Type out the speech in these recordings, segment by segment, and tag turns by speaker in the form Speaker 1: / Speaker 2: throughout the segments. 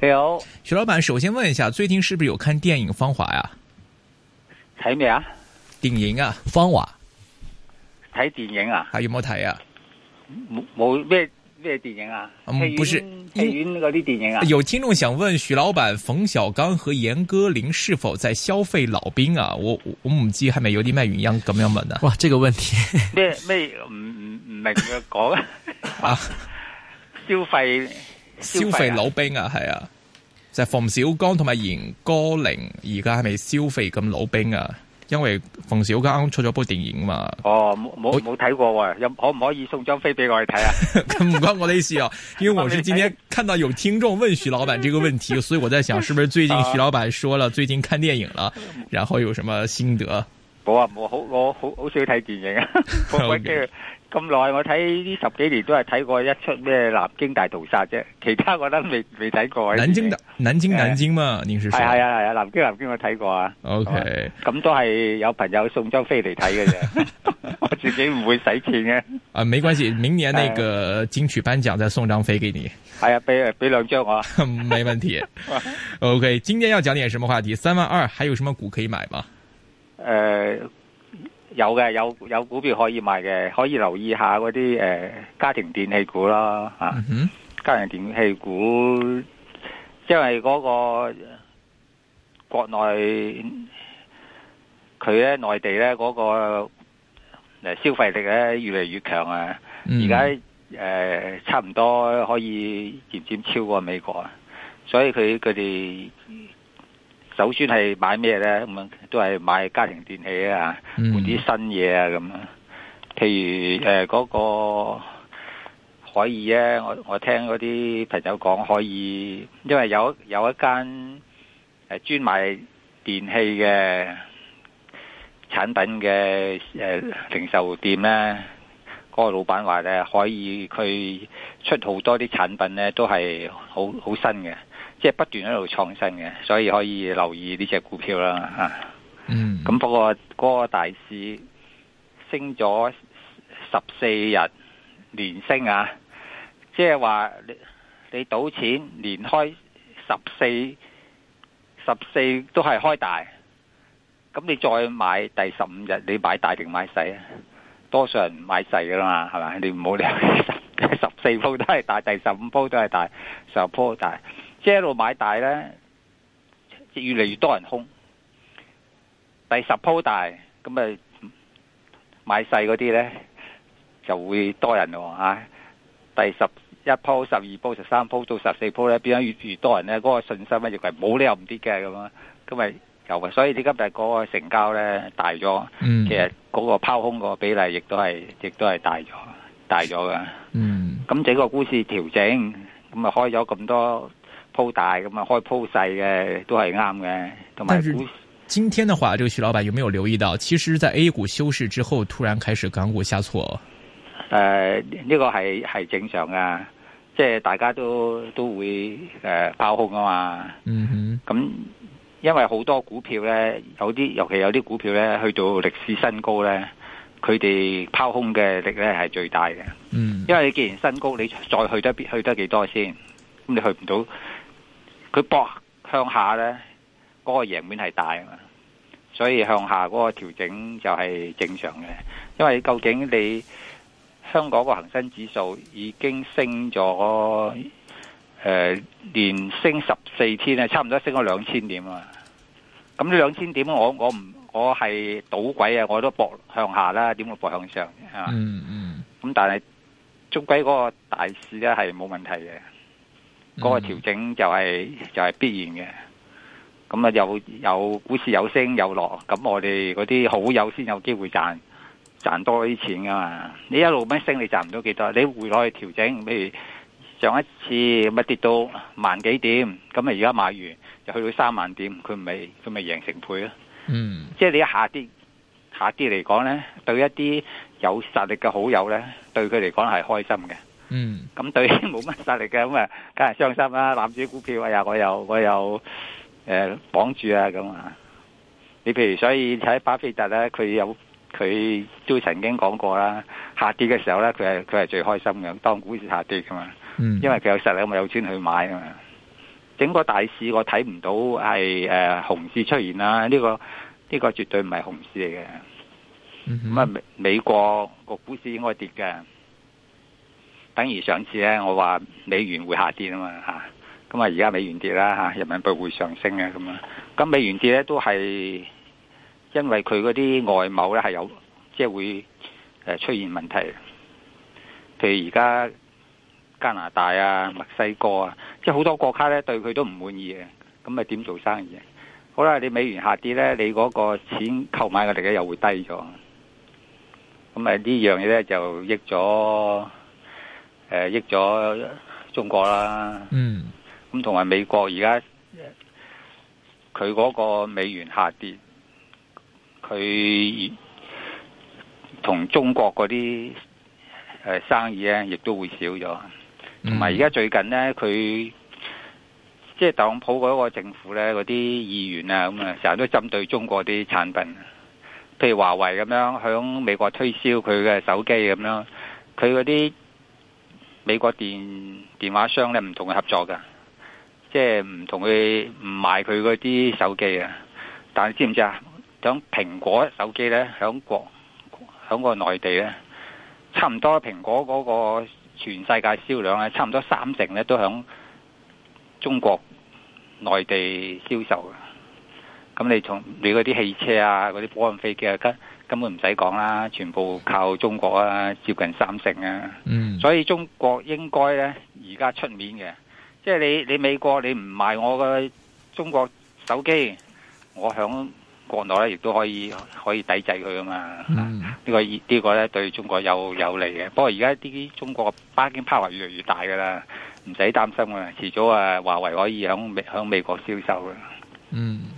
Speaker 1: Hello，徐老闆，首先問一下，最近是不是有看電影《芳華》啊
Speaker 2: 睇咩啊？電影啊，芳華《芳華》。睇電影啊？啊有冇睇呀？冇冇咩咩電影啊？嗯，不是，影院嗰啲電影啊。有
Speaker 1: 聽眾想問徐老闆，馮小剛和嚴歌苓是否在消費老兵啊？我我唔知係咪有啲咩原因，咁樣問啊？哇，這個問題，
Speaker 2: 咩咩唔唔唔明嘅講啊？消費。消費老、
Speaker 1: 啊、兵啊，係啊，就馮小剛同埋嚴歌苓而家係咪消費咁老兵啊？因為馮小剛出咗部電影嘛。
Speaker 2: 哦，冇冇睇過喎？有可唔可以送張飛俾我去睇啊？
Speaker 1: 唔 關我哋事啊！因為我是今天看到有聽眾問徐老闆呢個問題，所以我在想，是不是最近徐老闆說了最近看電影啦，然後有什麼心得？
Speaker 2: 冇、哦、啊，冇，好我好好少睇電影啊， okay. 咁耐我睇呢十幾年都係睇過一出咩南京大屠殺啫，其他我覺得未未睇過。南京的
Speaker 1: 南京南京嘛，呃、你是說係啊
Speaker 2: 係啊，南京南京我睇過、okay. 啊。OK，咁都係有朋友送張飛嚟睇嘅啫， 我自己唔會使錢嘅。
Speaker 1: 啊，沒關係，明年那個金曲頒獎再送張飛給你。
Speaker 2: 係、哎、啊，俾俾兩張啊，
Speaker 1: 沒問題。OK，今天要講點什麼話題？三萬二，還有什麼股可以買嗎？誒、
Speaker 2: 呃。有嘅，有有股票可以賣嘅，可以留意下嗰啲誒家庭電器股啦，吓、mm-hmm. 家庭電器股，因為嗰個國內佢咧內地咧嗰個誒消費力咧越嚟越強啊，而家誒差唔多可以漸漸超過美國啊，所以佢佢哋。首先係買咩呢，咁樣都係買家庭電器啊，換啲新嘢啊咁啊。譬如誒嗰、呃那個海爾啊，我我聽嗰啲朋友講海爾因為有有一間誒、呃、專賣電器嘅產品嘅誒零售店呢，嗰、那個老闆話呢，海爾佢出好多啲產品呢，都係好好新嘅。即係不斷喺度創新嘅，所以可以留意呢隻股票啦。吓，嗯，咁不過嗰個大市升咗十四日連升啊！即係話你賭錢連開十四十四都係開大，咁你再買第十五日，你買大定買細啊？多數人買細噶啦嘛，係咪？你唔好理，十四鋪都係大，第十五鋪都係大，十鋪大。即一路買大咧，越嚟越多人空。第十鋪大咁咪買細嗰啲咧，就會多人咯、啊、第十一鋪、十二鋪、十三鋪到十四鋪咧，變咗越越多人咧，嗰、嗰個信心咧亦係冇理由唔跌嘅咁啊。咁咪又所以啲今日嗰個成交咧大咗、嗯，其實嗰個拋空嗰個比例亦都係亦都係大咗大咗噶。嗯，咁整個股市調整咁啊，就開咗咁多。鋪大咁啊，開鋪細嘅都係啱嘅，同埋。但是，
Speaker 1: 今天嘅話，這個徐老闆有沒有留意到，其實，在 A 股休市之後，突然開始港股下挫？
Speaker 2: 誒、呃，呢、這個係係正常噶，即係大家都都會誒、呃、拋空啊嘛。嗯哼，咁因為好多股票咧，有啲尤其有啲股票咧去到歷史新高咧，佢哋拋空嘅力咧係最大嘅。嗯，因為你既然新高，你再去得去得幾多先？咁你去唔到。佢搏向下呢，嗰、嗰個贏面係大啊嘛，所以向下嗰個調整就係正常嘅。因為究竟你香港個恒生指數已經升咗誒，連、呃、升十四天啊，差唔多升咗兩千點啊嘛。咁呢兩千點我，我我唔我係賭鬼啊，我都搏向下啦，點會搏向上啊？嗯嗯。咁、
Speaker 1: mm-hmm.
Speaker 2: 但係終歸嗰個大市咧係冇問題嘅。嗰、那個調整就係、是、就係、是、必然嘅，咁啊又有股市有升有落，咁我哋嗰啲好友先有機會賺賺多啲錢噶嘛。你一路咩升，你賺唔到幾多。你回落去調整，譬如上一次乜跌到萬幾點，咁啊而家買完就去到三萬點，佢咪佢咪贏成倍咯。嗯、mm.，即係你下跌下跌嚟講咧，對一啲有實力嘅好友咧，對佢嚟講係開心嘅。嗯，咁對冇乜實力嘅，咁啊，梗係傷心啦！攬住股票啊，我又我又誒綁、呃、住啊，咁啊！你譬如，所以睇巴菲特咧，佢有佢都曾經講過啦，下跌嘅時候咧，佢係佢係最開心嘅，當股市下跌噶嘛，嗯，因為佢有實力，咁有錢去買啊嘛。整個大市我睇唔到係誒、呃、熊市出現啦，呢、這個呢、這個絕對唔係熊市嚟嘅。咁、嗯、啊，美美國個股市應該跌嘅。等於上次咧，我話美元會下跌啊嘛嚇，咁啊，而家美元跌啦嚇、啊，人民幣會上升啊，咁啊，咁美元跌咧都係因為佢嗰啲外貿咧係有即係會誒出現問題，譬如而家加拿大啊、墨西哥啊，即係好多國家咧對佢都唔滿意嘅，咁咪點做生意啊？好啦，你美元下跌咧，你嗰個錢購買嘅力咧又會低咗，咁啊，呢樣嘢咧就益咗。誒、呃、益咗中國啦，咁同埋美國而家佢嗰個美元下跌，佢同中國嗰啲誒生意咧，亦都會少咗。同埋而家最近咧，佢即係特朗普嗰個政府咧，嗰啲議員啊，咁啊成日都針對中國啲產品，譬如華為咁樣響美國推銷佢嘅手機咁樣，佢嗰啲。美國電電話商咧，唔同佢合作嘅，即係唔同佢唔賣佢嗰啲手機啊。但你知唔知啊？響蘋果手機咧，響國響個內地咧，差唔多蘋果嗰個全世界銷量咧，差唔多三成咧都響中國內地銷售嘅。咁你從你嗰啲汽車啊，嗰啲波音飛機啊，咁。根本唔使講啦，全部靠中國啊，接近三成啊，嗯，所以中國應該咧而家出面嘅，即係你你美國你唔賣我嘅中國手機，我響國內咧亦都可以可以抵制佢噶嘛，嗯，呢個呢個咧對中國有有利嘅。不過而家啲中國嘅 bargaining power 越嚟越大噶啦，唔使擔心啊，遲早啊華為可以響美響美國銷售啊。嗯。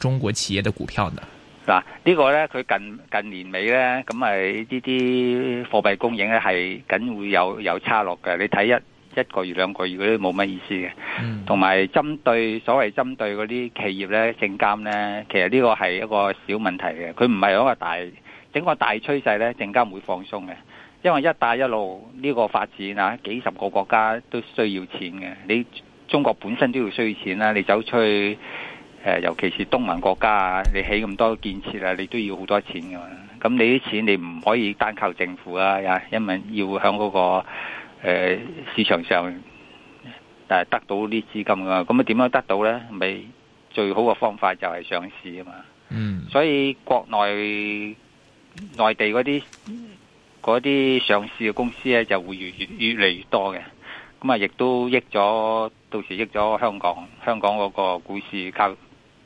Speaker 1: 中國企業的股票呢？
Speaker 2: 嗱、這個，呢個咧，佢近近年尾呢咁咪呢啲貨幣供應咧係梗會有有差落嘅。你睇一一個月兩個月嗰啲冇乜意思嘅。同、嗯、埋針對所謂針對嗰啲企業咧，證監咧，其實呢個係一個小問題嘅。佢唔係一個大整個大趨勢咧，證監會放鬆嘅，因為一帶一路呢、這個發展啊，幾十個國家都需要錢嘅。你中國本身都要需要錢啦，你走出去。誒、呃，尤其是東盟國家啊，你起咁多建設啦、啊，你都要好多錢噶嘛。咁你啲錢你唔可以單靠政府啊，因為要喺嗰、嗰個、呃、市場上誒得到啲資金噶。咁啊點樣得到咧？咪最好嘅方法就係上市啊嘛。嗯。所以國內內地嗰啲嗰啲上市嘅公司咧，就會越越越嚟越多嘅。咁啊，亦都益咗到時益咗香港香港嗰個股市靠。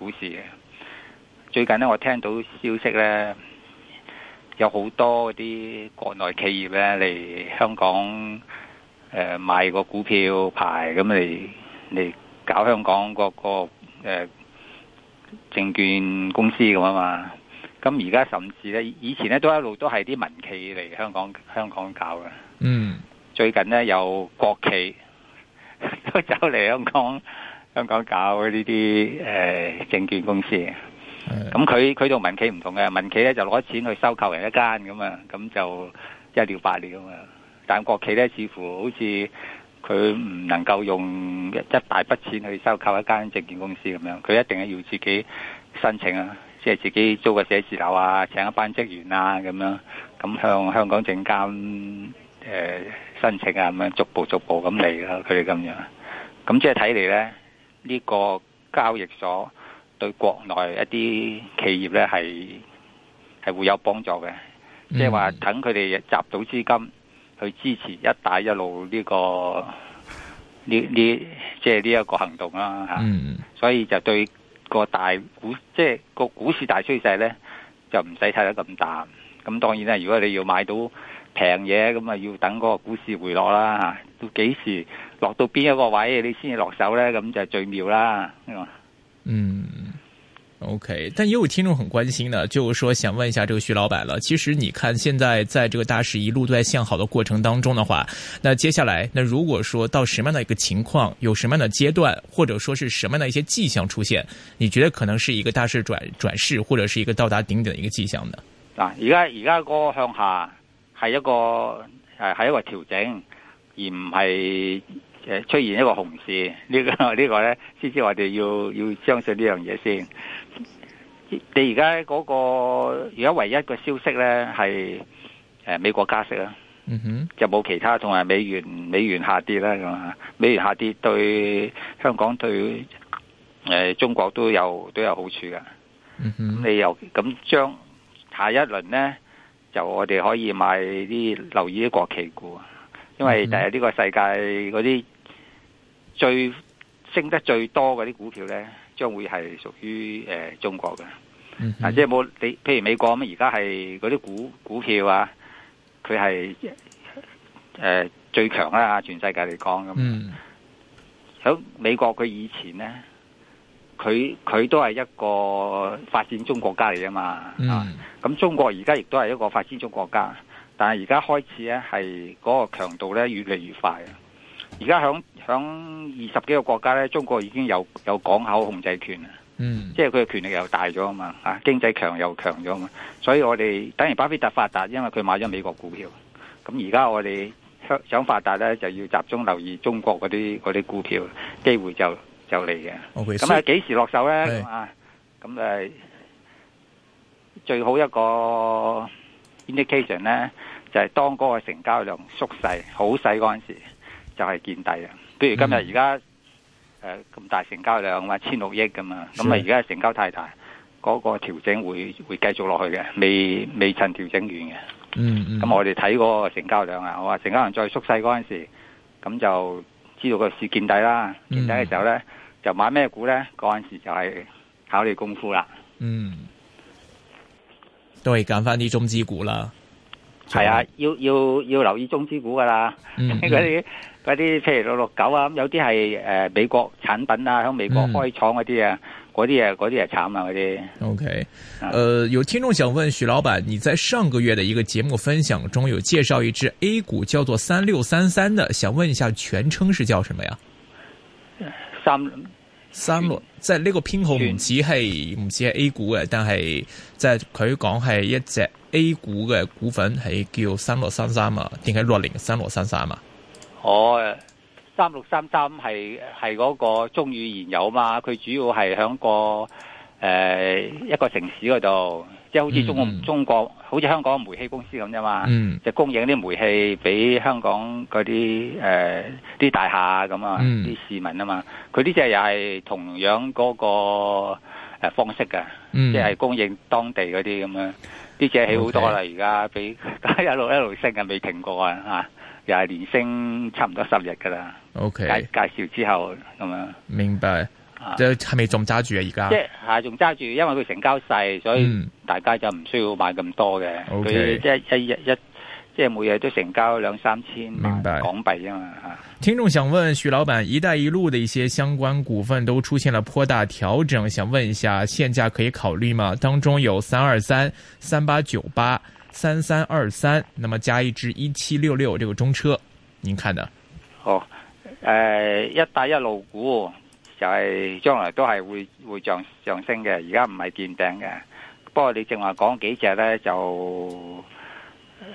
Speaker 2: 股、嗯、市最近呢，我聽到消息呢，有好多嗰啲國內企業呢，嚟香港誒買、呃、個股票牌，咁嚟嚟搞香港嗰個誒、呃、證券公司咁啊嘛。咁而家甚至呢，以前呢都一路都係啲民企嚟香港香港搞嘅。嗯，最近呢，有國企都走嚟香港。香港搞呢啲誒證券公司，咁佢佢同民企唔同嘅，民企咧就攞錢去收購人一間咁啊，咁就一了百了啊。但國企咧似乎好似佢唔能夠用一大筆錢去收購一間證券公司咁樣，佢一定係要自己申請啊，即係自己租個寫字樓啊，請一班職員啊咁樣，咁向香港證監誒、呃、申請啊咁樣，逐步逐步咁嚟啦，佢哋咁樣，咁即係睇嚟咧。呢個交易所對國內一啲企業咧係係會有幫助嘅，即係話等佢哋集到資金去支持一帶一路呢個呢呢，即係呢一個行動啦嚇。所以就對個大股即係個股市大趨勢咧，就唔使睇得咁淡。咁當然咧，如果你要買到平嘢，咁啊要等嗰個股市回落啦嚇。到幾時？落到邊一個位你先至落手呢？咁就最妙啦。
Speaker 1: 嗯，OK。但也有位聽眾很關心呢，就是說想問一下，這個徐老闆啦，其實你看現在在這個大市一路都在向好的過程當中的話，那接下來，那如果說到什麼樣的一個情況，有什麼樣的階段，或者說是什麼樣的一些迹象出現，你覺得可能是一個大市轉轉勢，或者是一個到達頂點的一個迹象呢？
Speaker 2: 嗱，而家而家個向下係一個，誒，係一個調整，而唔係。誒、呃，出現一個熊市，呢、這個這個呢個咧，先至我哋要要相信呢樣嘢先。你而家嗰個而家唯一嘅消息咧係誒美國加息啦，嗯、哼，就冇其他，同埋美元美元下跌啦咁啊，美元下跌對香港對誒、呃、中國都有都有好處噶。嗯哼，咁你又咁將下一輪咧，就我哋可以買啲留意啲國企股，因為第日呢個世界嗰啲。最升得最多嗰啲股票呢，將會係屬於誒中國嘅。嗱、嗯，即係冇你，譬如美國咁，而家係嗰啲股股票啊，佢係誒最強啦，全世界嚟講咁。喺、嗯、美國佢以前呢，佢佢都係一個發展中國家嚟㗎嘛。咁、嗯啊、中國而家亦都係一個發展中國家，但係而家開始呢，係嗰個強度呢越嚟越快。而家響響二十幾個國家咧，中國已經有有港口控制權，嗯，即係佢嘅權力又大咗啊嘛，吓經濟強又強咗，嘛。所以我哋等於巴菲特發達，因為佢買咗美國股票。咁而家我哋想想發達咧，就要集中留意中國嗰啲啲股票，機會就就嚟嘅。咁，okay, 啊，幾時落手咧？啊，咁就最好一個 indication 咧，就係、是，當嗰個成交量縮細好細嗰陣時候。就係、是、見底啊！不如今日而家誒咁大成交量1，嘛，千六億咁嘛。咁啊而家成交太大，嗰、那個調整會會繼續落去嘅，未未曾調整完嘅。嗯嗯。咁我哋睇嗰個成交量啊，我話，成交量再縮細嗰陣時，咁就知道個市見底啦。見底嘅時候咧，就買咩股咧？嗰陣時就係考你功夫啦。嗯。
Speaker 1: 都係揀翻啲中資股啦。
Speaker 2: 係啊，要要要留意中資股噶啦。啲、嗯。嗯 嗰啲譬如六六九啊，咁有啲係誒美國產品啊，喺美國開廠嗰啲啊，嗰、嗯、啲啊，嗰啲啊，慘啊嗰啲。
Speaker 1: O K，誒，有聽眾想問徐老闆，你在上個月嘅一個節目分享中有介紹一隻 A 股叫做三六三三的，想問一下全稱是叫乜嘢啊？三三六，即係呢個編號唔止係唔止係 A 股嘅，但係即係佢講係一隻 A 股嘅股份係叫三六三三啊，定係六零三六三三啊？
Speaker 2: 我三六三三係係嗰個中宇燃油嘛，佢主要係響個誒、呃、一個城市嗰度，即係好似中中國、mm-hmm. 中國好似香港嘅煤氣公司咁啫嘛，mm-hmm. 就供應啲煤氣俾香港嗰啲誒啲大廈啊咁啊，啲、mm-hmm. 市民啊嘛，佢呢隻又係同樣嗰個誒方式噶，即、mm-hmm. 係供應當地嗰啲咁樣，啲隻起好多啦，而家俾一路一路升緊啊，未停過啊吓。又係年升差唔多十日噶啦，okay, 介紹之後咁
Speaker 1: 樣，明白，即係咪仲揸住啊而家，即
Speaker 2: 係仲揸住，因為佢成交細，所以大家就唔需要買咁多嘅，佢、嗯、即係一日一，即係每日都成交兩三千港幣啊嘛。
Speaker 1: 聽眾想問徐老闆，一帶一路嘅一些相關股份都出現了頗大調整，想問一下現價可以考慮嗎？當中有三二三、三八九八。三三二三，那麼加一支一七六六，這個中車，您看呢？哦，
Speaker 2: 誒、呃，一帶一路股就係將來都係會會漲上升嘅，而家唔係見頂嘅。不過你正話講幾隻呢，就誒、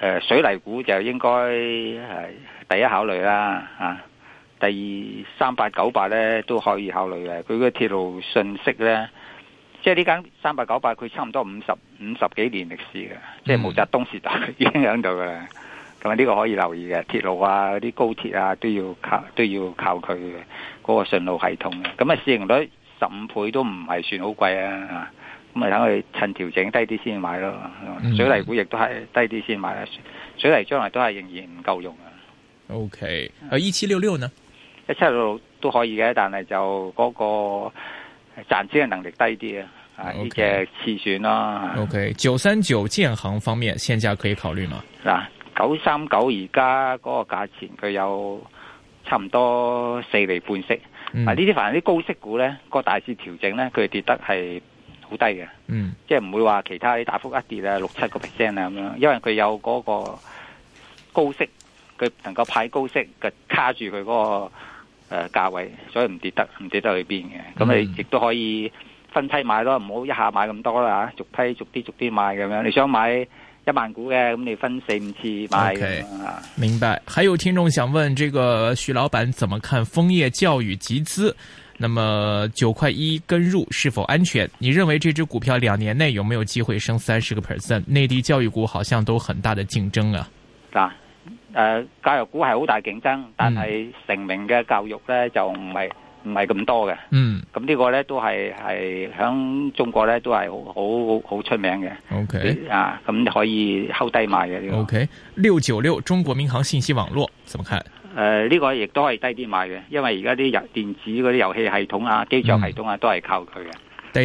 Speaker 2: 呃、水泥股就應該係、呃、第一考慮啦啊，第二三八九八呢，都可以考慮嘅，佢個鐵路信息呢。即係呢間三百九八，佢差唔多五十五十幾年歷史嘅，即係毛澤東時代已經響度噶啦。咁啊呢個可以留意嘅，鐵路啊、嗰啲高鐵啊都要靠都要靠佢嘅嗰個信路系統。咁啊市盈率十五倍都唔係算好貴啊。咁啊等佢趁調整低啲先買咯。嗯、水泥股亦都係低啲先買啦。水泥將來都係仍然唔夠用啊。O K。啊，一七六六呢？一七六六都可以嘅，但係就嗰、嗰個。賺錢嘅能力低啲啊，啊呢隻次選啦。
Speaker 1: O K，九三九建行方面現價可以考慮嗎？
Speaker 2: 嗱，九三九而家嗰個價錢佢有差唔多四厘半息，嗯、啊呢啲凡係啲高息股咧，個大市調整咧，佢跌得係好低嘅。嗯，即係唔會話其他啲大幅一跌啊，六七個 percent 啊咁樣，因為佢有嗰個高息，佢能夠派高息嘅卡住佢嗰、嗰個。呃價位所以唔跌得，唔跌得去邊嘅，咁你亦都可以分批買咯，嗯，唔好一下買咁多啦，逐批逐啲逐啲買咁樣，你想買一萬股嘅，咁你分四五次買。Okay,
Speaker 1: 明白。還有聽眾想問，這個徐老闆怎麼看楓葉教育集資？那麼九塊一跟入是否安全？你認為這支股票兩年內有沒有機會升三十個 percent？內地教育股好像都很大的競爭啊。
Speaker 2: 咋、啊？誒、呃，教育股係好大競爭，但係成名嘅教育咧就唔係唔係咁多嘅。嗯，咁、嗯這個、呢個咧都係係響中國咧都係好好好出名嘅。O、okay. K，啊，咁、嗯、可以低啲買嘅呢個。
Speaker 1: O K，六九六中國民航信息網絡，怎麼看？
Speaker 2: 誒、呃，呢、這個亦都可以低啲買嘅，因為而家啲遊電子嗰啲遊戲系統啊、機上系統啊、嗯、都係靠佢嘅，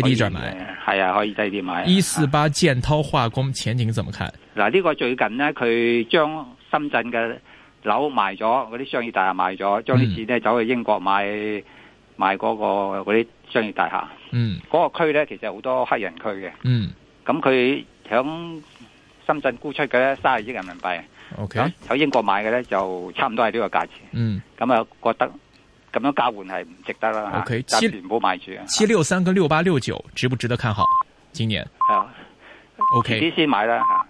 Speaker 1: 低啲再買。
Speaker 2: 係、呃、啊，可以低啲買。一
Speaker 1: 四八建滔化工前景怎麼看？
Speaker 2: 嗱、啊，呢、這個最近呢，佢將。深圳嘅樓賣咗，嗰啲商業大廈賣咗，將啲錢咧走去英國買買嗰、那個啲商業大廈。嗯，嗰、那個區咧其實好多黑人區嘅。嗯，咁佢響深圳沽出嘅三十億人民幣，喺、okay, 喺英國買嘅咧就差唔多係呢個價錢。嗯，咁啊覺得咁樣交換係唔值得啦。O、okay, K，七年冇買住啊。
Speaker 1: 七六三跟六八六九值唔值得看好今
Speaker 2: 年？啊，O K，先買啦吓。